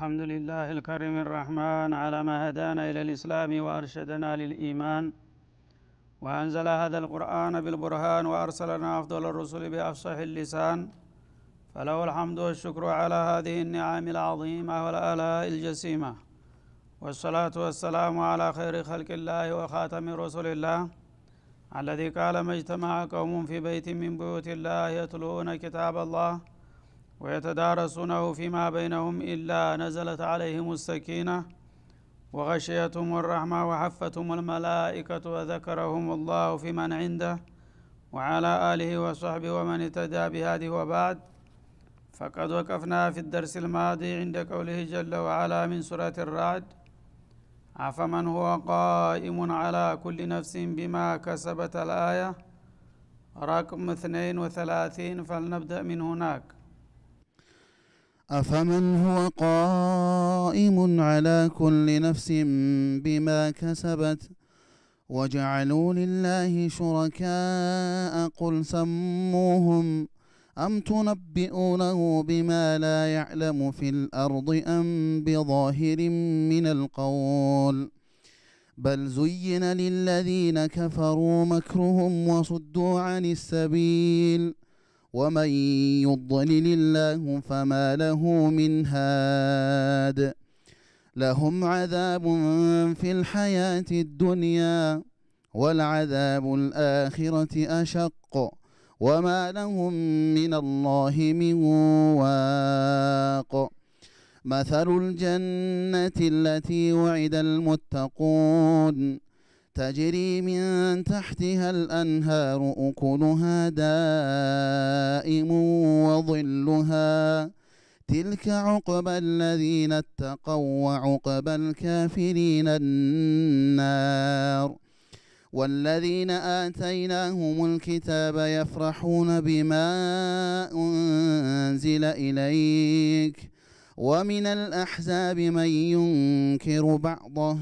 الحمد لله الكريم الرحمن على ما هدانا إلى الإسلام وأرشدنا للإيمان وأنزل هذا القرآن بالبرهان وأرسلنا أفضل الرسل بأفصح اللسان فله الحمد والشكر على هذه النعم العظيمة والآلاء الجسيمة والصلاة والسلام على خير خلق الله وخاتم رسل الله الذي قال ما اجتمع قوم في بيت من بيوت الله يتلون كتاب الله ويتدارسونه فيما بينهم إلا نزلت عليهم السكينة وغشيتهم الرحمة وحفتهم الملائكة وذكرهم الله في من عنده وعلى آله وصحبه ومن اهتدى بهذه وبعد فقد وقفنا في الدرس الماضي عند قوله جل وعلا من سورة الرعد أفمن هو قائم على كل نفس بما كسبت الآية رقم 32 فلنبدأ من هناك أفمن هو قائم على كل نفس بما كسبت وجعلوا لله شركاء قل سموهم أم تنبئونه بما لا يعلم في الأرض أم بظاهر من القول بل زين للذين كفروا مكرهم وصدوا عن السبيل ومن يضلل الله فما له من هاد لهم عذاب في الحياه الدنيا والعذاب الاخره اشق وما لهم من الله من واق مثل الجنه التي وعد المتقون تجري من تحتها الانهار اكلها دائم وظلها تلك عقبى الذين اتقوا وعقبى الكافرين النار والذين اتيناهم الكتاب يفرحون بما انزل اليك ومن الاحزاب من ينكر بعضه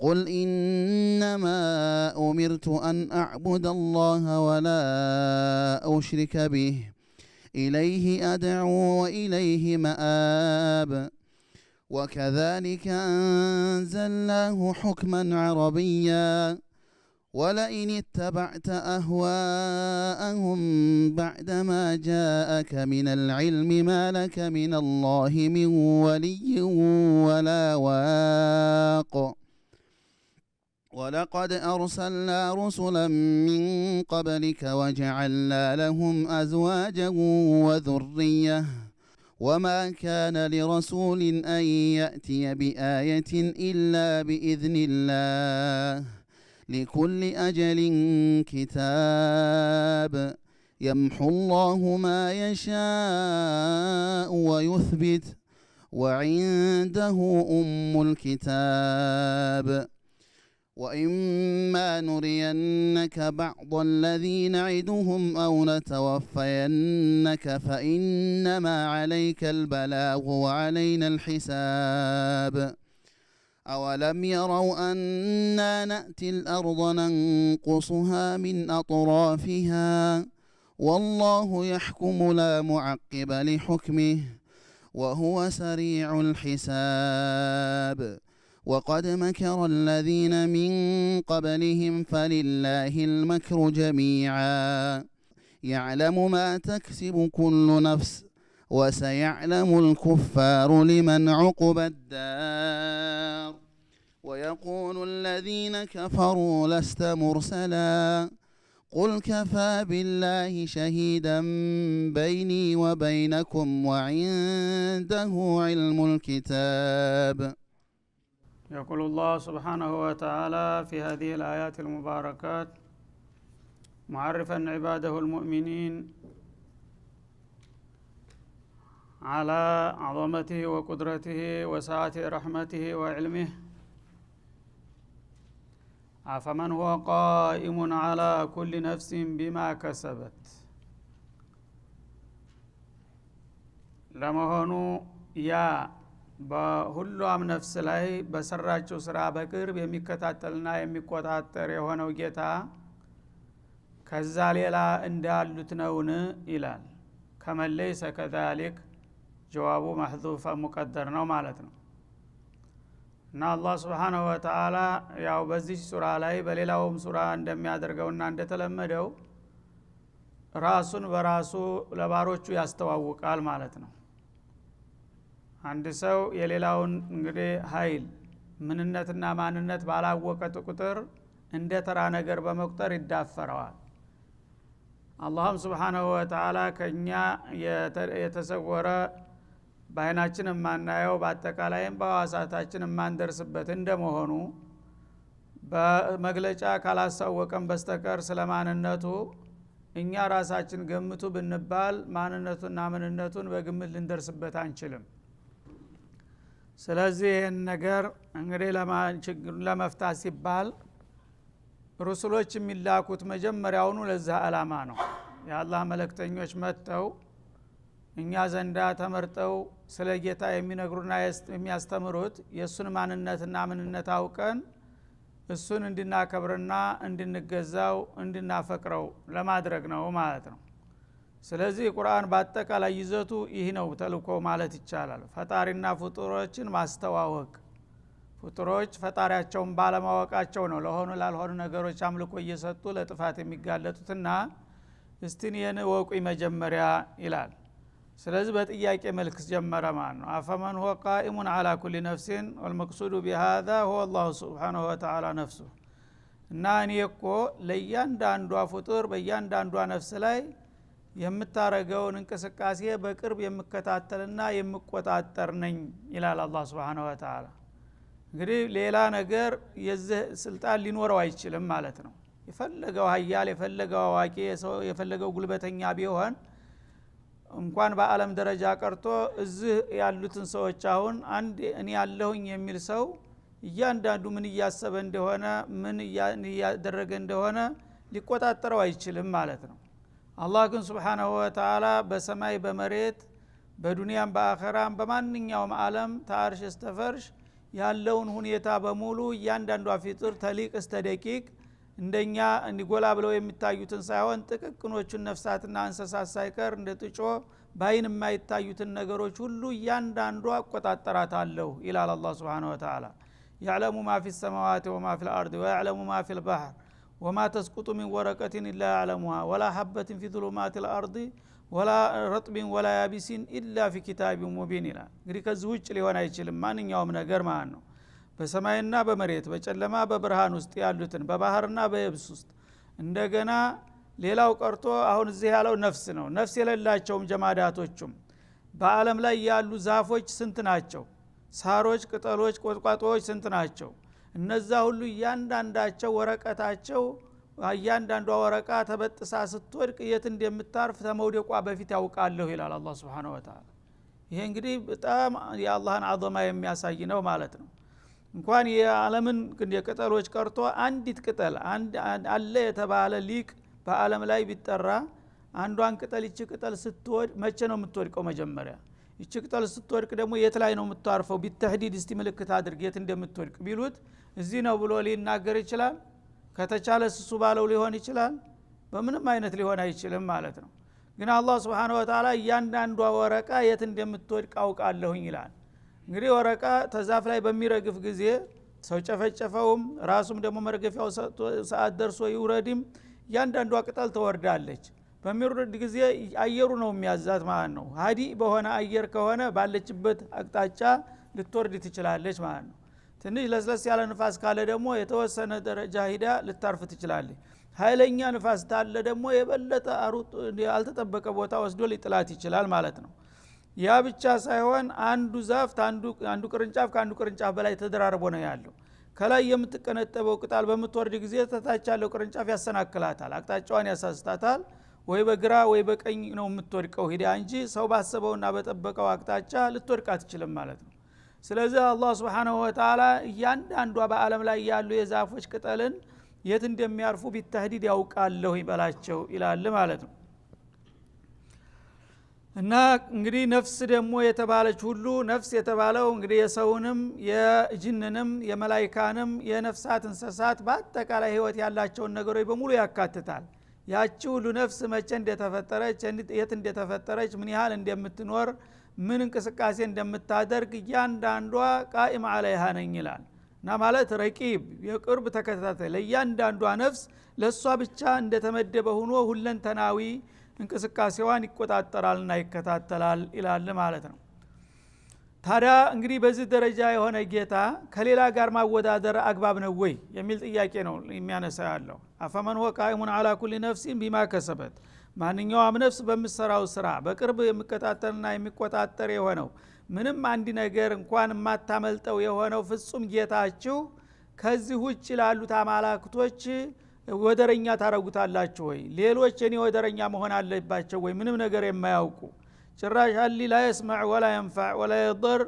قل انما امرت ان اعبد الله ولا اشرك به اليه ادعو واليه ماب وكذلك انزلناه حكما عربيا ولئن اتبعت اهواءهم بعدما جاءك من العلم ما لك من الله من ولي ولا واق ولقد ارسلنا رسلا من قبلك وجعلنا لهم ازواجا وذريه وما كان لرسول ان ياتي بايه الا باذن الله لكل اجل كتاب يمحو الله ما يشاء ويثبت وعنده ام الكتاب واما نرينك بعض الذي نعدهم او نتوفينك فانما عليك البلاغ وعلينا الحساب اولم يروا انا ناتي الارض ننقصها من اطرافها والله يحكم لا معقب لحكمه وهو سريع الحساب وقد مكر الذين من قبلهم فلله المكر جميعا يعلم ما تكسب كل نفس وسيعلم الكفار لمن عقب الدار ويقول الذين كفروا لست مرسلا قل كفى بالله شهيدا بيني وبينكم وعنده علم الكتاب يقول الله سبحانه وتعالى في هذه الآيات المباركات معرفا عباده المؤمنين على عظمته وقدرته وسعة رحمته وعلمه أفمن هو قائم على كل نفس بما كسبت لمهنو يا በሁሉም ነፍስ ላይ በሰራችው ስራ በቅርብ የሚከታተልና የሚቆጣጠር የሆነው ጌታ ከዛ ሌላ እንዳሉት ነውን ይላል ከመለይ ሰከዛሊክ ጀዋቡ ማህዙፈ ሙቀደር ነው ማለት ነው እና አላህ ስብሓናሁ ወተአላ ያው በዚህ ሱራ ላይ በሌላውም ሱራ እንደሚያደርገውና እንደተለመደው ራሱን በራሱ ለባሮቹ ያስተዋውቃል ማለት ነው አንድ ሰው የሌላውን እንግዲህ ሀይል ምንነትና ማንነት ባላወቀ ቁጥር እንደ ተራ ነገር በመቁጠር ይዳፈረዋል አላህም ስብሓናሁ ወተላ ከእኛ የተሰወረ በአይናችን የማናየው በአጠቃላይም በዋሳታችን የማንደርስበት እንደመሆኑ በመግለጫ ካላሳወቀን በስተቀር ስለ ማንነቱ እኛ ራሳችን ገምቱ ብንባል ማንነቱና ምንነቱን በግምት ልንደርስበት አንችልም ስለዚህ ይህን ነገር እንግዲህ ችግሩን ለመፍታት ሲባል ሩሱሎች የሚላኩት መጀመሪያውኑ ለዛ አላማ ነው የአላህ መለክተኞች መጥተው እኛ ዘንዳ ተመርጠው ስለ ጌታ የሚነግሩና የሚያስተምሩት የእሱን ማንነትና ምንነት አውቀን እሱን እንድናከብርና እንድንገዛው እንድናፈቅረው ለማድረግ ነው ማለት ነው ስለዚህ ቁርአን በአጠቃላይ ይዘቱ ይህ ነው ተልኮ ማለት ይቻላል ፈጣሪና ፍጡሮችን ማስተዋወቅ ፍጡሮች ፈጣሪያቸውን ባለማወቃቸው ነው ለሆኑ ላልሆኑ ነገሮች አምልኮ እየሰጡ ለጥፋት የሚጋለጡትና እስቲን የን ወቁ መጀመሪያ ይላል ስለዚህ በጥያቄ መልክ ጀመረ ማለት ነው አፈመን ሆ ቃኢሙን አላ ኩሊ ነፍሲን ወልመቅሱዱ ቢሃዛ ሆ አላሁ ስብሓናሁ ወተላ ነፍሱ እና እኔ እኮ ለእያንዳንዷ ፍጡር በእያንዳንዷ ነፍስ ላይ የምታረገውን እንቅስቃሴ በቅርብ የምከታተልና የምቆጣጠር ነኝ ይላል አላ ስብን ወተላ እንግዲህ ሌላ ነገር የዚህ ስልጣን ሊኖረው አይችልም ማለት ነው የፈለገው ሀያል የፈለገው አዋቂ የፈለገው ጉልበተኛ ቢሆን እንኳን በአለም ደረጃ ቀርቶ እዚህ ያሉትን ሰዎች አሁን አንድ እኔ ያለሁኝ የሚል ሰው እያንዳንዱ ምን እያሰበ እንደሆነ ምን እያደረገ እንደሆነ ሊቆጣጠረው አይችልም ማለት ነው አላህ ግን ስብሓናሁ ወተላ በሰማይ በመሬት በዱንያም በአኸራም በማንኛውም አለም ተአርሽ እስተፈርሽ ያለውን ሁኔታ በሙሉ እያንዳንዷ ፊጥር ተሊቅ እስተ ደቂቅ እንደኛ እንዲጎላ ብለው የሚታዩትን ሳይሆን ጥቅቅኖቹን ነፍሳትና እንስሳት ሳይቀር እንደ ጥጮ በአይን የማይታዩትን ነገሮች ሁሉ እያንዳንዱ አቆጣጠራታለሁ ይላል አላ ስብን ወተላ ያዕለሙ ማ ፊ ሰማዋት ወማ ፊ ልአርድ ወያዕለሙ ማ ፊ ልባህር ወማ ተስቁጡ ሚን ወረቀትን ኢላ ያዕለሙሃ ወላ ሀበትን ፊ ዙሉማት ልአርድ ወላ ረጥቢን ወላ ያቢሲን ኢላ ፊ ኪታቢ ሙቢን ይላል እንግዲህ ከዚህ ውጭ ሊሆን አይችልም ማንኛውም ነገር ማለት ነው በሰማይና በመሬት በጨለማ በብርሃን ውስጥ ያሉትን በባህርና በየብስ ውስጥ እንደገና ሌላው ቀርቶ አሁን እዚህ ያለው ነፍስ ነው ነፍስ የሌላቸውም ጀማዳቶቹም በአለም ላይ ያሉ ዛፎች ስንት ናቸው ሳሮች ቅጠሎች ቆጥቋጦዎች ስንት ናቸው እነዛ ሁሉ እያንዳንዳቸው ወረቀታቸው እያንዳንዷ ወረቃ ተበጥሳ ስትወድቅ የት እንደምታርፍ ተመውደቋ በፊት ያውቃለሁ ይላል አላ ስብን ወተላ ይሄ እንግዲህ በጣም የአላህን አዘማ የሚያሳይ ነው ማለት ነው እንኳን የዓለምን ቅጠሎች ቀርቶ አንዲት ቅጠል አለ የተባለ ሊቅ በአለም ላይ ቢጠራ አንዷን ቅጠል ይቺ ቅጠል ስትወድ መቼ ነው የምትወድቀው መጀመሪያ ይቺ ቅጠል ስትወድቅ ደግሞ የት ላይ ነው የምታርፈው ቢተህዲድ እስቲ ምልክት አድርግ የት እንደምትወድቅ ቢሉት እዚህ ነው ብሎ ሊናገር ይችላል ከተቻለ ስሱ ባለው ሊሆን ይችላል በምንም አይነት ሊሆን አይችልም ማለት ነው ግን አላህ ስብን ወተላ እያንዳንዷ ወረቃ የት እንደምትወድቅ አውቃለሁኝ ይላል እንግዲህ ወረቃ ተዛፍ ላይ በሚረግፍ ጊዜ ሰው ጨፈጨፈውም ራሱም ደግሞ መርገፊያው ሰዓት ደርሶ ይውረድም እያንዳንዷ ቅጠል ትወርዳለች በሚውርድ ጊዜ አየሩ ነው የሚያዛት ማለት ነው ሀዲ በሆነ አየር ከሆነ ባለችበት አቅጣጫ ልትወርድ ትችላለች ማለት ነው ትንሽ ለስለስ ያለ ንፋስ ካለ ደግሞ የተወሰነ ደረጃ ሂዳ ልታርፍ ትችላለች ኃይለኛ ንፋስ ታለ ደግሞ የበለጠ ያልተጠበቀ ቦታ ወስዶ ሊጥላት ይችላል ማለት ነው ያ ብቻ ሳይሆን አንዱ ዛፍ አንዱ ቅርንጫፍ ከአንዱ ቅርንጫፍ በላይ ተደራርቦ ነው ያለው ከላይ የምትቀነጠበው ቅጣል በምትወርድ ጊዜ ተታች ያለው ቅርንጫፍ ያሰናክላታል አቅጣጫዋን ያሳስታታል ወይ በግራ ወይ በቀኝ ነው የምትወድቀው ሂዳ እንጂ ሰው ባሰበውና በጠበቀው አቅጣጫ ልትወድቅ አትችልም ማለት ነው ስለዚህ አላህ ስብሓናሁ ወተላ እያንዳንዷ በአለም ላይ ያሉ የዛፎች ቅጠልን የት እንደሚያርፉ ቢተህዲድ ያውቃለሁ ይበላቸው ይላል ማለት ነው እና እንግዲህ ነፍስ ደግሞ የተባለች ሁሉ ነፍስ የተባለው እንግዲህ የሰውንም የጅንንም የመላይካንም የነፍሳት እንስሳት በአጠቃላይ ህይወት ያላቸውን ነገሮች በሙሉ ያካትታል ያቺ ሁሉ ነፍስ መቼ እንደተፈጠረች የት እንደተፈጠረች ምን ያህል እንደምትኖር ምን እንቅስቃሴ እንደምታደርግ እያንዳንዷ ቃኢም አለይሃ ነኝ ይላል እና ማለት ረቂብ የቅርብ ተከታታይ ለእያንዳንዷ ነፍስ ለእሷ ብቻ እንደተመደበ ሁኖ ሁለንተናዊ እንቅስቃሴዋን ይቆጣጠራልና ይከታተላል ይላል ማለት ነው ታዲያ እንግዲህ በዚህ ደረጃ የሆነ ጌታ ከሌላ ጋር ማወዳደር አግባብ ነው ወይ የሚል ጥያቄ ነው የሚያነሳ ያለው አፈመን ወቃኢሙን አላ ኩል ነፍሲን ቢማ ከሰበት ማንኛውም ነፍስ በምሰራው ስራ በቅርብ የሚከታተልና የሚቆጣጠር የሆነው ምንም አንድ ነገር እንኳን የማታመልጠው የሆነው ፍጹም ጌታችሁ ከዚህ ውጭ ላሉት አማላክቶች ወደረኛ ታረጉታላችሁ ወይ? ሌሎች እኔ ወደረኛ መሆን አለባቸው ወይ? ምንም ነገር የማያውቁ ጭራሽ አሊ ላየስመዕ ወላ የንፋዕ ወላ የበር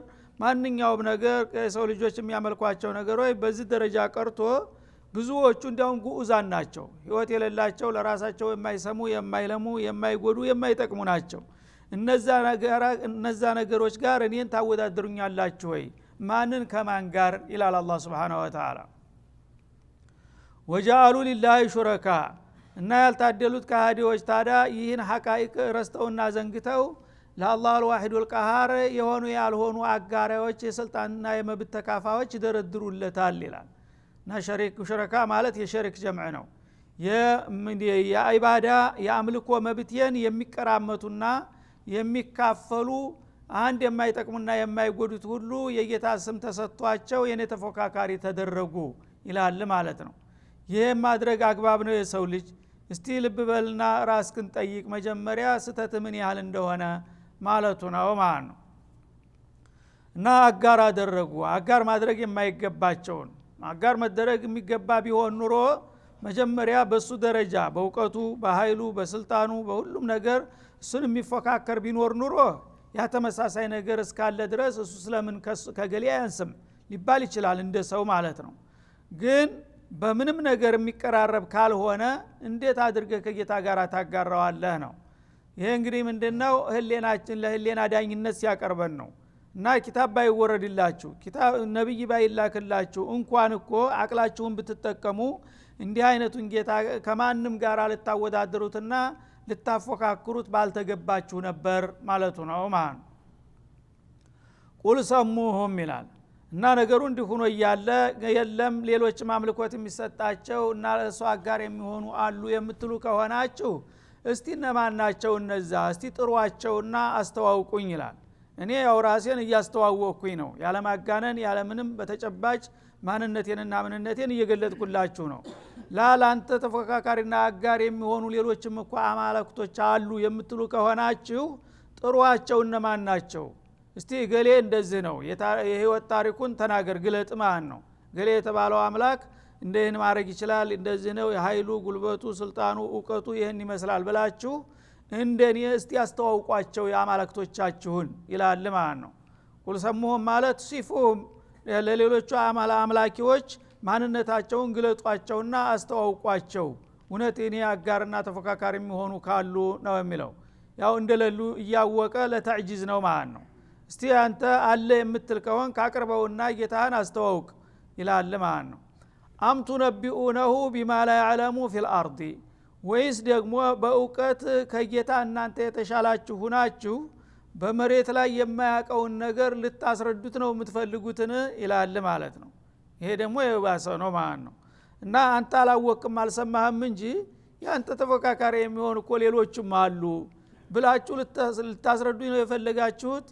ማንኛውም ነገር የሰው ልጆች የሚያመልኳቸው ነገሮች በዚህ ደረጃ ቀርቶ ብዙዎቹ እንዲያውም ጉዑዛን ናቸው ህይወት የሌላቸው ለራሳቸው የማይሰሙ የማይለሙ የማይጎዱ የማይጠቅሙ ናቸው እነዛ ነገሮች ጋር እኔን ታወዳድሩኛላችሁ ወይ ማንን ከማን ጋር ይላል አላ ስብን ወተላ ወጃአሉ ሊላህ ሹረካ እና ያልታደሉት ካሃዲዎች ታዳ ይህን ሀቃይቅ ረስተውና ዘንግተው ለአላ አልዋሂዱ ልቀሃር የሆኑ ያልሆኑ አጋሪዎች የስልጣንና የመብት ተካፋዎች ይደረድሩለታል ይላል እና ሸሪክ ሹረካ ማለት የሸሪክ ጀምዕ ነው የኢባዳ የአምልኮ መብቴን የሚቀራመቱና የሚካፈሉ አንድ የማይጠቅሙና የማይጎዱት ሁሉ የጌታ ስም ተሰጥቷቸው የእኔ ተፎካካሪ ተደረጉ ይላል ማለት ነው ይህ ማድረግ አግባብ ነው የሰው ልጅ እስቲ ልብ ራስክን ጠይቅ መጀመሪያ ስተት ምን ያህል እንደሆነ ማለቱ ነው ማለት ነው እና አጋር አደረጉ አጋር ማድረግ የማይገባቸውን አጋር መደረግ የሚገባ ቢሆን ኑሮ መጀመሪያ በሱ ደረጃ በእውቀቱ በኃይሉ በስልጣኑ በሁሉም ነገር እሱን የሚፎካከር ቢኖር ኑሮ ያ ተመሳሳይ ነገር እስካለ ድረስ እሱ ስለምን ከገሌ አያንስም ሊባል ይችላል እንደ ሰው ማለት ነው ግን በምንም ነገር የሚቀራረብ ካልሆነ እንዴት አድርገ ከጌታ ጋር ታጋራዋለህ ነው ይሄ እንግዲህ ምንድነው ህሌናችን ለህሌና ዳኝነት ሲያቀርበን ነው እና ኪታብ ባይወረድላችሁ ነቢይ ባይላክላችሁ እንኳን እኮ አቅላችሁን ብትጠቀሙ እንዲህ አይነቱን ጌታ ከማንም ጋር ልታወዳድሩትና ልታፎካክሩት ባልተገባችሁ ነበር ማለቱ ነው ማን ቁል ሰሙሁም ይላል እና ነገሩ እንዲህ እያለ የለም ሌሎች አምልኮት የሚሰጣቸው እና ለእሷ አጋር የሚሆኑ አሉ የምትሉ ከሆናችሁ እስቲ እነማን ናቸው እነዛ እስቲ ጥሯቸውና አስተዋውቁኝ ይላል እኔ ያው ራሴን እያስተዋወቅኩኝ ነው ያለማጋነን ያለምንም በተጨባጭ ማንነቴንና ምንነቴን እየገለጥኩላችሁ ነው ላላንተ ለአንተ ተፎካካሪና አጋር የሚሆኑ ሌሎችም እኮ አማለክቶች አሉ የምትሉ ከሆናችሁ ጥሯቸው እነማን ናቸው እስቲ ገሌ እንደዚህ ነው የህይወት ታሪኩን ተናገር ግለጥ ማን ነው ገሌ የተባለው አምላክ እንደህን ማድረግ ይችላል እንደዚህ ነው የኃይሉ ጉልበቱ ስልጣኑ እውቀቱ ይህን ይመስላል ብላችሁ እንደኔ እስቲ ያስተዋውቋቸው የአማልክቶቻችሁን ይላል ማለት ነው ቁል ማለት ሲፉም ለሌሎቹ አምላኪዎች ማንነታቸውን ግለጧቸውና አስተዋውቋቸው እውነት እኔ አጋርና ተፎካካሪ የሚሆኑ ካሉ ነው የሚለው ያው እንደሌሉ እያወቀ ለተዕጂዝ ነው ማለት ነው እስቲ አንተ አለ የምትል ከሆን ካቅርበውና ጌታህን አስተዋውቅ ይላል ማለት ነው አምቱ ነቢኡነሁ ቢማ ላ ያዕለሙ ፊልአርዲ ወይስ ደግሞ በእውቀት ከጌታ እናንተ የተሻላችሁ ሁናችሁ በመሬት ላይ የማያውቀውን ነገር ልታስረዱት ነው የምትፈልጉትን ይላል ማለት ነው። ይሄ ደግሞ የባሰ ነው ማለት ነው። እና አንተ አላወቅም አልሰማህም እንጂ የአንተ ተፎካካሪ የሚሆን እኮ ሌሎችም አሉ ብላችሁ ልታስረዱኝ ነው የፈለጋችሁት።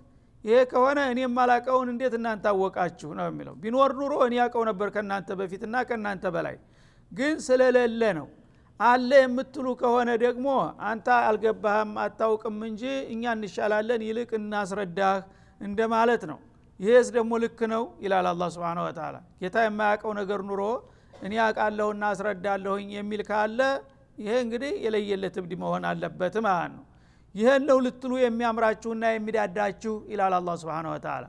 ይሄ ከሆነ እኔ የማላቀውን እንዴት እናንተ አወቃችሁ ነው የሚለው። ቢኖር ኑሮ እኔ ያውቀው ነበር ከእናንተ በፊትና ከእናንተ በላይ ግን ስለሌለ ነው አለ የምትሉ ከሆነ ደግሞ አንተ አልገባህም አታውቅም እንጂ እኛ እንሻላለን ይልቅ እናስረዳህ እንደማለት ነው ይህስ ደግሞ ልክ ነው ይላል አላ ስብን ወተላ ጌታ የማያውቀው ነገር ኑሮ እኔ አቃለሁ አስረዳለሁኝ የሚል ካለ ይሄ እንግዲህ የለየለት እብድ መሆን አለበት ማለት ነው ይህን ነው ልትሉ የሚያምራችሁና የሚዳዳችሁ ይላል አላ ስብን ወተላ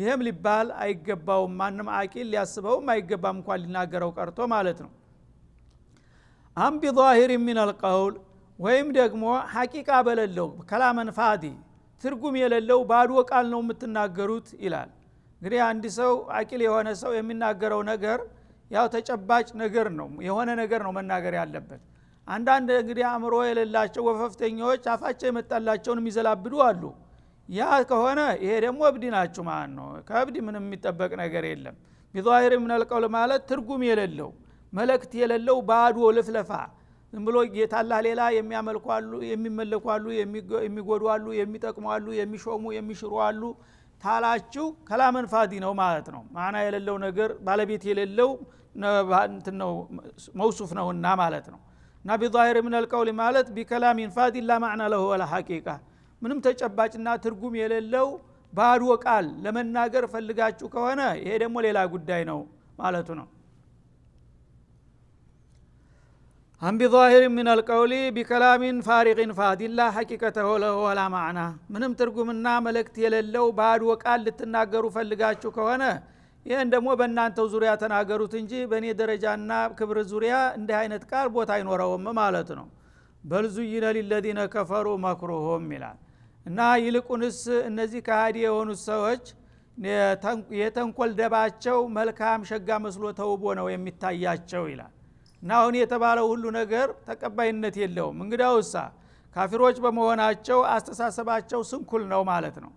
ይህም ሊባል አይገባውም ማንም አቂል ሊያስበውም አይገባም እንኳን ሊናገረው ቀርቶ ማለት ነው አም ቢዛሂር ሚነል ቀውል ወይም ደግሞ ሐቂቃ በለለው ከላመን ፋዲ ትርጉም የሌለው ባዶ ቃል ነው የምትናገሩት ይላል እንግዲህ አንድ ሰው አቂል የሆነ ሰው የሚናገረው ነገር ያው ተጨባጭ ነገር ነው የሆነ ነገር ነው መናገር ያለበት አንዳንድ እንግዲህ አእምሮ የሌላቸው ወፈፍተኛዎች አፋቸው የመጣላቸውን የሚዘላብዱ አሉ ያ ከሆነ ይሄ ደግሞ እብድ ናችሁ ማለት ነው ከእብድ ምንም የሚጠበቅ ነገር የለም ቢዛሂር ምናልቀውል ማለት ትርጉም የሌለው መለክት የሌለው ባዶ ልፍለፋ ዝም ብሎ ጌታላ ሌላ የሚያመልኳሉ የሚመለኳሉ የሚጎዷሉ የሚጠቅሟሉ የሚሾሙ የሚሽሯሉ ታላችሁ ከላመን ፋዲ ነው ማለት ነው ማና የሌለው ነገር ባለቤት የሌለው ነው መውሱፍ ነውና ማለት ነው እና ቢዛሂር ምን አልቀውል ማለት ቢከላሚን ፋዲ ላ ማዕና ለሁ ወላ ሐቂቃ ምንም ተጨባጭና ትርጉም የሌለው ባዶ ቃል ለመናገር ፈልጋችሁ ከሆነ ይሄ ደግሞ ሌላ ጉዳይ ነው ማለቱ ነው አም ቢዛሂር ምን አልቀውሊ ቢከላሚን ፋሪቅን ፋዲላ ሐቂቀተሁ ለሁ ወላ ማዕና ምንም ትርጉምና መልእክት የሌለው ባዶ ቃል ልትናገሩ ፈልጋችሁ ከሆነ ይህን ደግሞ በእናንተው ዙሪያ ተናገሩት እንጂ በእኔ ደረጃና ክብር ዙሪያ እንዲህ አይነት ቃል ቦታ አይኖረውም ማለት ነው በል ሊለዚነ ከፈሩ መክሩሆም ይላል እና ይልቁንስ እነዚህ ከሃዲ የሆኑት ሰዎች የተንኮል ደባቸው መልካም ሸጋ መስሎ ተውቦ ነው የሚታያቸው ይላል እና አሁን የተባለው ሁሉ ነገር ተቀባይነት የለውም እንግዳውሳ ካፊሮች በመሆናቸው አስተሳሰባቸው ስንኩል ነው ማለት ነው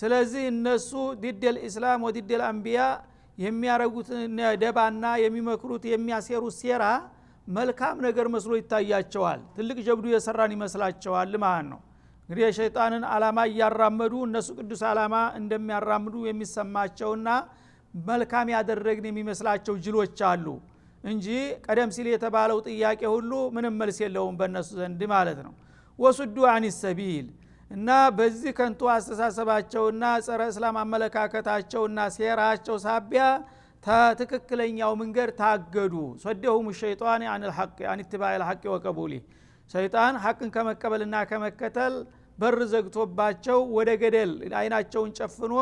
ስለዚህ እነሱ ዲደል ኢስላም ወዲደል አንቢያ የሚያረጉት ደባና የሚመክሩት የሚያሴሩት ሴራ መልካም ነገር መስሎ ይታያቸዋል ትልቅ ጀብዱ የሰራን ይመስላቸዋል ማለት ነው እንግዲህ የሸይጣንን አላማ እያራመዱ እነሱ ቅዱስ አላማ እንደሚያራምዱ የሚሰማቸውና መልካም ያደረግን የሚመስላቸው ጅሎች አሉ እንጂ ቀደም ሲል የተባለው ጥያቄ ሁሉ ምንም መልስ የለውም በእነሱ ዘንድ ማለት ነው ወሱዱ አን ሰቢል እና በዚህ ከንቱ አስተሳሰባቸውና ጸረ እስላም አመለካከታቸውና ሴራቸው ሳቢያ ተትክክለኛው መንገድ ታገዱ ሶደሁም ሸይጣን አን ልሐቅ ወቀቡሊ ሸይጣን ሐቅን ከመቀበልና ከመከተል በር ዘግቶባቸው ወደ ገደል አይናቸውን ጨፍኖ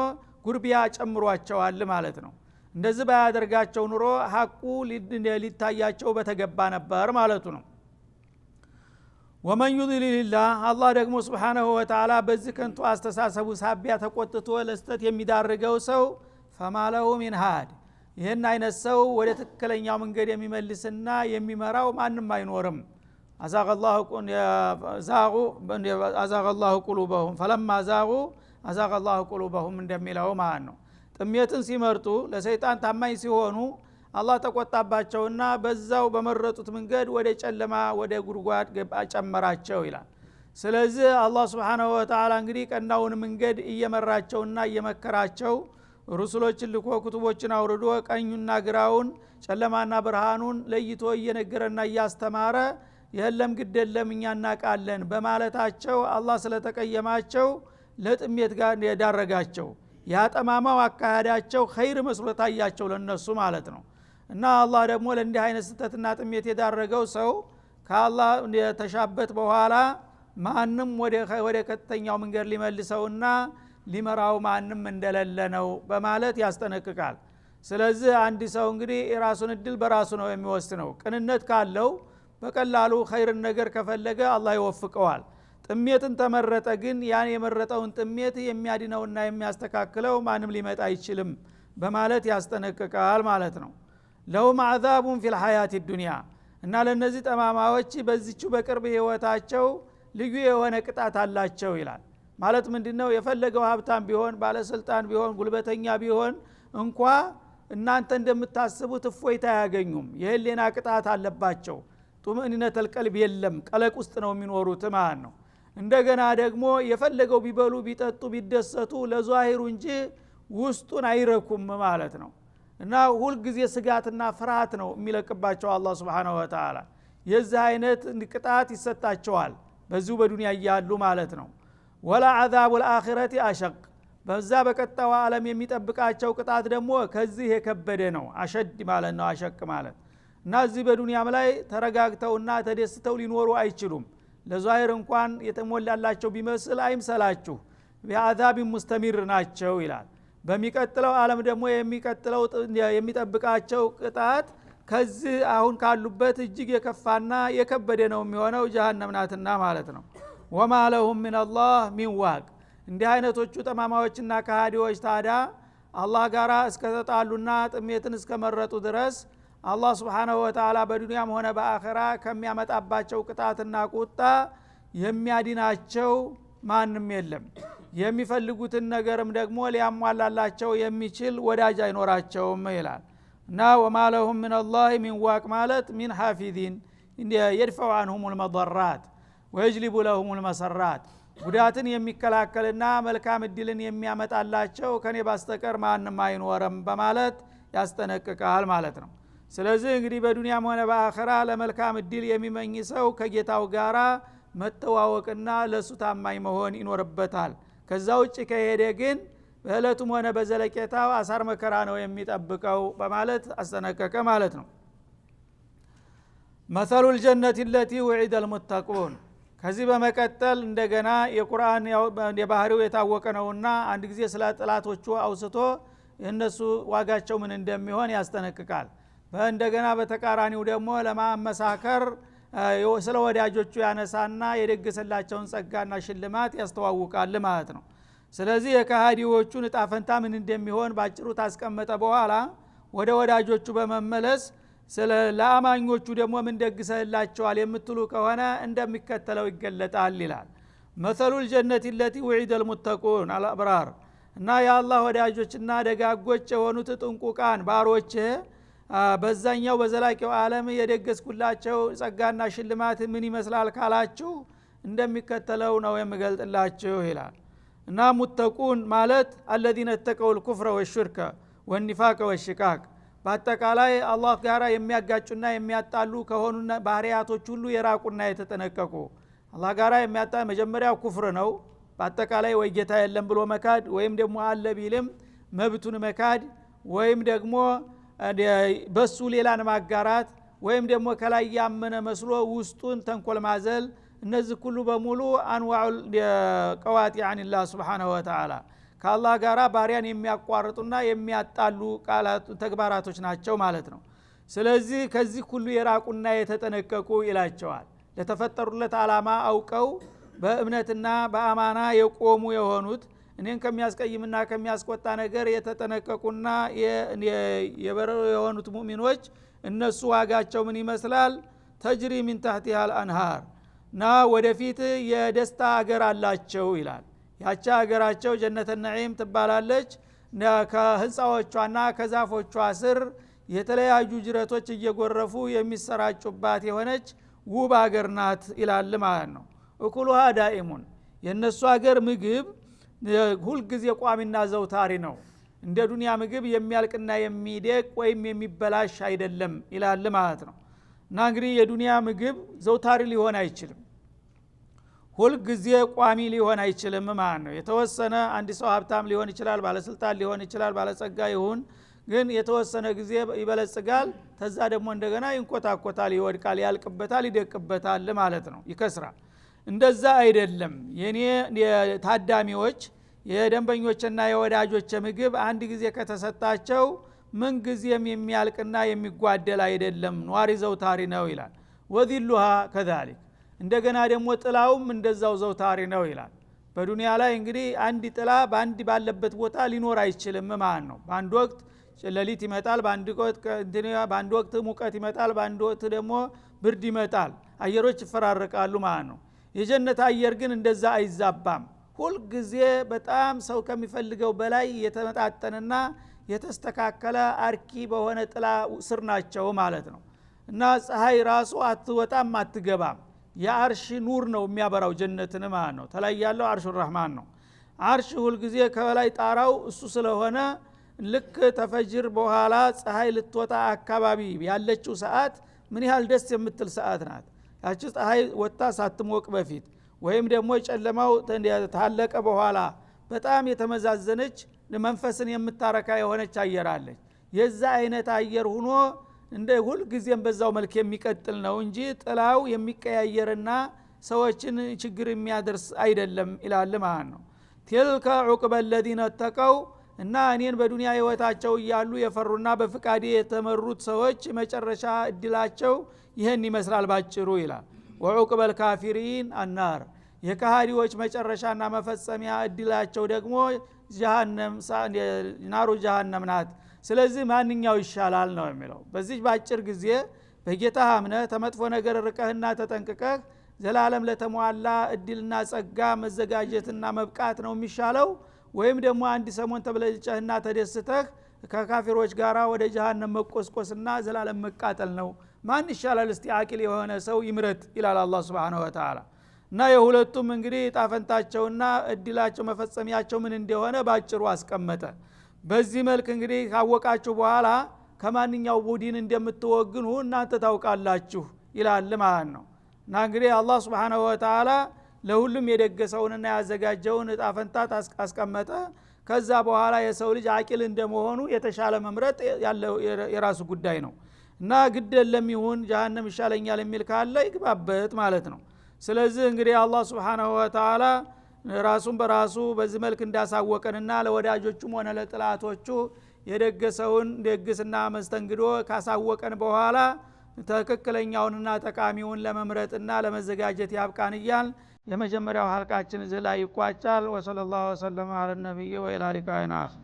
ጉርቢያ ጨምሯቸዋል ማለት ነው እንደዚህ ባያደርጋቸው ኑሮ ሀቁ ሊታያቸው በተገባ ነበር ማለቱ ነው ወመን ዩድሊልላህ አላህ ደግሞ ስብሓናሁ ወተላ በዚህ ከንቱ አስተሳሰቡ ሳቢያ ተቆጥቶ ለስተት የሚዳርገው ሰው ፈማለሁ ሚን ሃድ ይህን አይነት ሰው ወደ ትክክለኛው መንገድ የሚመልስና የሚመራው ማንም አይኖርም አዛቀላሁ ቁሉበሁም ፈለማ ዛቁ አዛቀላሁ ቁሉበሁም እንደሚለው ማለት ነው ጥሜትን ሲመርጡ ለሰይጣን ታማኝ ሲሆኑ አላህ ተቆጣባቸውና በዛው በመረጡት መንገድ ወደ ጨለማ ወደ ጉድጓድ ጨመራቸው ይላል ስለዚህ አላህ ስብሓናሁ ወተላ እንግዲህ ቀናውን መንገድ እየመራቸውና እየመከራቸው ሩስሎችን ልኮ ክቱቦችን አውርዶ ቀኙና ግራውን ጨለማና ብርሃኑን ለይቶ እየነገረና እያስተማረ የለም ግድ እኛ እናቃለን በማለታቸው አላህ ስለተቀየማቸው ለጥሜት ጋር ያዳረጋቸው ያጠማማው አካሄዳቸው ኸይር መስሎ ታያቸው ለነሱ ማለት ነው እና አላህ ደግሞ ለእንዲህ አይነት ስተትና ጥሜት የዳረገው ሰው ከአላህ የተሻበት በኋላ ማንም ወደ ቀጥተኛው መንገድ ሊመልሰውና ሊመራው ማንም እንደለለ ነው በማለት ያስጠነቅቃል ስለዚህ አንድ ሰው እንግዲህ የራሱን እድል በራሱ ነው የሚወስነው ቅንነት ካለው በቀላሉ ኸይርን ነገር ከፈለገ አላህ ይወፍቀዋል ጥሜትን ተመረጠ ግን ያን የመረጠውን ጥሜት የሚያድነውና የሚያስተካክለው ማንም ሊመጣ አይችልም በማለት ያስጠነቅቃል ማለት ነው ለሁም አዛቡን ፊ ልሀያት ዱኒያ እና ለእነዚህ ጠማማዎች በዚቹ በቅርብ ህይወታቸው ልዩ የሆነ ቅጣት አላቸው ይላል ማለት ምንድ ነው የፈለገው ሀብታም ቢሆን ባለስልጣን ቢሆን ጉልበተኛ ቢሆን እንኳ እናንተ እንደምታስቡት እፎይታ አያገኙም የህሌና ቅጣት አለባቸው ጡምእንነት ልቀልብ የለም ቀለቅ ውስጥ ነው የሚኖሩት ማለት ነው እንደገና ደግሞ የፈለገው ቢበሉ ቢጠጡ ቢደሰቱ ለዛሂሩ እንጂ ውስጡን አይረኩም ማለት ነው እና ሁልጊዜ ስጋትና ፍርሃት ነው የሚለቅባቸው አላ ስብን ወተላ የዚህ አይነት ቅጣት ይሰጣቸዋል በዚሁ በዱንያ እያሉ ማለት ነው ወላ አዛቡ ልአኪረት አሸቅ በዛ በቀጣው ዓለም የሚጠብቃቸው ቅጣት ደግሞ ከዚህ የከበደ ነው አሸድ ማለት ነው አሸቅ ማለት እና እዚህ በዱንያም ላይ ተረጋግተውና ተደስተው ሊኖሩ አይችሉም ለዛይር እንኳን የተሞላላቸው ቢመስል አይምሰላችሁ ቢአዛብ ሙስተሚር ናቸው ይላል በሚቀጥለው አለም ደግሞ የሚቀጥለው የሚጠብቃቸው ቅጣት ከዚህ አሁን ካሉበት እጅግ የከፋና የከበደ ነው የሚሆነው ጃሃንም ናትና ማለት ነው ወማ ለሁም ሚንላህ ሚን ዋቅ እንዲህ አይነቶቹ ጠማማዎችና ካሃዲዎች ታዳ አላህ ጋር እስከተጣሉና ጥሜትን እስከመረጡ ድረስ አላህ ስብሓናሁ ወተላ በዱንያም ሆነ በአኸራ ከሚያመጣባቸው ቅጣትና ቁጣ የሚያድናቸው ማንም የለም የሚፈልጉትን ነገርም ደግሞ ሊያሟላላቸው የሚችል ወዳጅ አይኖራቸውም ይላል እና ወማለሁም ምንላህ ሚን ዋቅ ማለት ሚን ሐፊዚን የድፈው አንሁም ልመضራት ወየጅሊቡ ለሁም ልመሰራት ጉዳትን የሚከላከልና መልካም እድልን የሚያመጣላቸው ከኔ ባስተቀር ማንም አይኖረም በማለት ያስጠነቅቃል ማለት ነው ስለዚህ እንግዲህ በዱንያም ሆነ በአኸራ ለመልካም እድል የሚመኝ ሰው ከጌታው ጋራ መተዋወቅና ለእሱ ታማኝ መሆን ይኖርበታል ከዛ ውጭ ከሄደ ግን በእለቱም ሆነ በዘለቄታው አሳር መከራ ነው የሚጠብቀው በማለት አስጠነቀቀ ማለት ነው መሰሉ ልጀነት ለቲ ውዒደ ልሙተቁን ከዚህ በመቀጠል እንደገና የቁርአን የባህሪው የታወቀ ነውና አንድ ጊዜ ስለ ጥላቶቹ አውስቶ እነሱ ዋጋቸው ምን እንደሚሆን ያስጠነቅቃል በእንደገና በተቃራኒው ደግሞ ለማመሳከር ስለ ወዳጆቹ ያነሳና የደገሰላቸውን ጸጋና ሽልማት ያስተዋውቃል ማለት ነው ስለዚህ የካሃዲዎቹ ንጣፈንታ ምን እንደሚሆን ባጭሩ ታስቀመጠ በኋላ ወደ ወዳጆቹ በመመለስ ለአማኞቹ ደግሞ ምን ደግሰላቸዋል የምትሉ ከሆነ እንደሚከተለው ይገለጣል ይላል መሰሉ ልጀነት ለቲ ውዒደ ልሙተቁን አልአብራር እና የአላህ ወዳጆችና ደጋጎች የሆኑት ጥንቁቃን ባሮችህ በዛኛው በዘላቂው አለም የደገስኩላቸው ጸጋና ሽልማት ምን ይመስላል ካላችሁ እንደሚከተለው ነው የምገልጥላችሁ ይላል እና ሙተቁን ማለት አለዚነ ተቀው ልኩፍረ ወሹርከ ወኒፋቀ ወሽቃቅ በአጠቃላይ አላህ ጋር የሚያጋጩና የሚያጣሉ ከሆኑ ባህርያቶች ሁሉ የራቁና የተጠነቀቁ አላ ጋር የሚያጣ መጀመሪያ ኩፍር ነው በአጠቃላይ ወይ ጌታ የለም ብሎ መካድ ወይም ደግሞ አለ ቢልም መብቱን መካድ ወይም ደግሞ በሱ ሌላን ማጋራት ወይም ደግሞ ከላይ ያመነ መስሎ ውስጡን ተንኮል ማዘል እነዚህ ሁሉ በሙሉ አንዋዑ ቀዋጢ አንላ ስብሓናሁ ወተላ ከአላህ ጋር ባሪያን የሚያቋርጡና የሚያጣሉ ተግባራቶች ናቸው ማለት ነው ስለዚህ ከዚህ ሁሉ የራቁና የተጠነቀቁ ይላቸዋል ለተፈጠሩለት አላማ አውቀው በእምነትና በአማና የቆሙ የሆኑት እኔን ከሚያስቀይምና ከሚያስቆጣ ነገር የተጠነቀቁና የበረሮ የሆኑት ሙሚኖች እነሱ ዋጋቸው ምን ይመስላል ተጅሪ ሚን ታህቲሃል አንሃር ና ወደፊት የደስታ አገር አላቸው ይላል ያቺ አገራቸው ጀነተ ነዒም ትባላለች ከህንፃዎቿና ከዛፎቿ ስር የተለያዩ ጅረቶች እየጎረፉ የሚሰራጩባት የሆነች ውብ አገር ናት ይላል ማለት ነው እኩሉሃ ዳኢሙን የእነሱ አገር ምግብ ሁልጊዜ ቋሚና ዘውታሪ ነው እንደ ዱንያ ምግብ የሚያልቅና የሚደቅ ወይም የሚበላሽ አይደለም ይላል ማለት ነው እና እንግዲህ የዱንያ ምግብ ዘውታሪ ሊሆን አይችልም ሁልጊዜ ቋሚ ሊሆን አይችልም ማለት ነው የተወሰነ አንድ ሰው ሀብታም ሊሆን ይችላል ባለስልጣን ሊሆን ይችላል ባለጸጋ ይሁን ግን የተወሰነ ጊዜ ይበለጽጋል ተዛ ደግሞ እንደገና ይንኮታኮታል ይወድቃል ያልቅበታል ይደቅበታል ማለት ነው ይከስራል እንደዛ አይደለም የኔ ታዳሚዎች የደንበኞችና የወዳጆች ምግብ አንድ ጊዜ ከተሰጣቸው ምን ጊዜም የሚያልቅና የሚጓደል አይደለም ኗሪ ዘውታሪ ነው ይላል ወዚሉሃ ከዛሊክ እንደገና ደግሞ ጥላውም እንደዛው ዘውታሪ ነው ይላል በዱንያ ላይ እንግዲህ አንድ ጥላ በአንድ ባለበት ቦታ ሊኖር አይችልም ማለት ነው በአንድ ወቅት ሌሊት ይመጣል በአንድ ወቅት ሙቀት ይመጣል በአንድ ወቅት ደግሞ ብርድ ይመጣል አየሮች ይፈራረቃሉ ማለት ነው የጀነት አየር ግን እንደዛ አይዛባም ሁልጊዜ በጣም ሰው ከሚፈልገው በላይ የተመጣጠንና የተስተካከለ አርኪ በሆነ ጥላ ስር ናቸው ማለት ነው እና ፀሐይ ራሱ አትወጣም አትገባም የአርሽ ኑር ነው የሚያበራው ጀነትን ማለት ነው ተለይ ያለው አርሽ ረህማን ነው አርሽ ሁልጊዜ ከበላይ ጣራው እሱ ስለሆነ ልክ ተፈጅር በኋላ ፀሐይ ልትወጣ አካባቢ ያለችው ሰዓት ምን ያህል ደስ የምትል ሰዓት ናት ያቺ ፀሐይ ወጣ ሳትሞቅ በፊት ወይም ደግሞ ጨለማው ታለቀ በኋላ በጣም የተመዛዘነች መንፈስን የምታረካ የሆነች አየር አለች የዛ አይነት አየር ሁኖ እንደ ሁልጊዜም በዛው መልክ የሚቀጥል ነው እንጂ ጥላው የሚቀያየርና ሰዎችን ችግር የሚያደርስ አይደለም ይላል ማለት ነው ቲልከ ዑቅበ ለዚነ ተቀው እና እኔን በዱንያ ህይወታቸው እያሉ የፈሩና በፍቃዴ የተመሩት ሰዎች መጨረሻ እድላቸው ይህን ይመስላል ባጭሩ ይላል ወዑቅበል ካፊሪን አናር የካሃዲዎች መጨረሻና መፈጸሚያ እድላቸው ደግሞ ናሩ ጃሃነም ናት ስለዚህ ማንኛው ይሻላል ነው የሚለው በዚህ በአጭር ጊዜ በጌታ አምነ ተመጥፎ ነገር ርቀህና ተጠንቅቀህ ዘላለም ለተሟላ እድልና ጸጋ መዘጋጀትና መብቃት ነው የሚሻለው ወይም ደግሞ አንድ ሰሞን ተብለጭህና ተደስተህ ከካፊሮች ጋር ወደ ጀሃነም መቆስቆስና ዘላለም መቃጠል ነው ማን ይሻላል እስቲ አቂል የሆነ ሰው ይምረጥ ይላል አላ ስብን ወተላ እና የሁለቱም እንግዲህ ጣፈንታቸውና እድላቸው መፈጸሚያቸው ምን እንደሆነ በአጭሩ አስቀመጠ በዚህ መልክ እንግዲህ ካወቃችሁ በኋላ ከማንኛው ቡድን እንደምትወግኑ እናንተ ታውቃላችሁ ይላል ማለት ነው እና እንግዲህ አላ ስብሓናሁ ወተላ ለሁሉም የደገሰውንና ያዘጋጀውን እጣፈንታት አስቀመጠ ከዛ በኋላ የሰው ልጅ አቂል እንደመሆኑ የተሻለ መምረጥ ያለው የራሱ ጉዳይ ነው እና ግደል ለሚሆን ጃሃንም ይሻለኛል የሚል ካለ ይግባበት ማለት ነው ስለዚህ እንግዲህ አላ ስብንሁ ወተላ ራሱን በራሱ በዚህ መልክ እንዳሳወቀንና ለወዳጆቹም ሆነ ለጥላቶቹ የደገሰውን ደግስና መስተንግዶ ካሳወቀን በኋላ ትክክለኛውንና ጠቃሚውን ለመምረጥና ለመዘጋጀት ያብቃን እያል የመጀመሪያው ሀልቃችን እዚህ ላይ ይቋጫል ወሰለ ላሁ ወሰለም አለ ነቢይ ወኢላሊቃይናፍ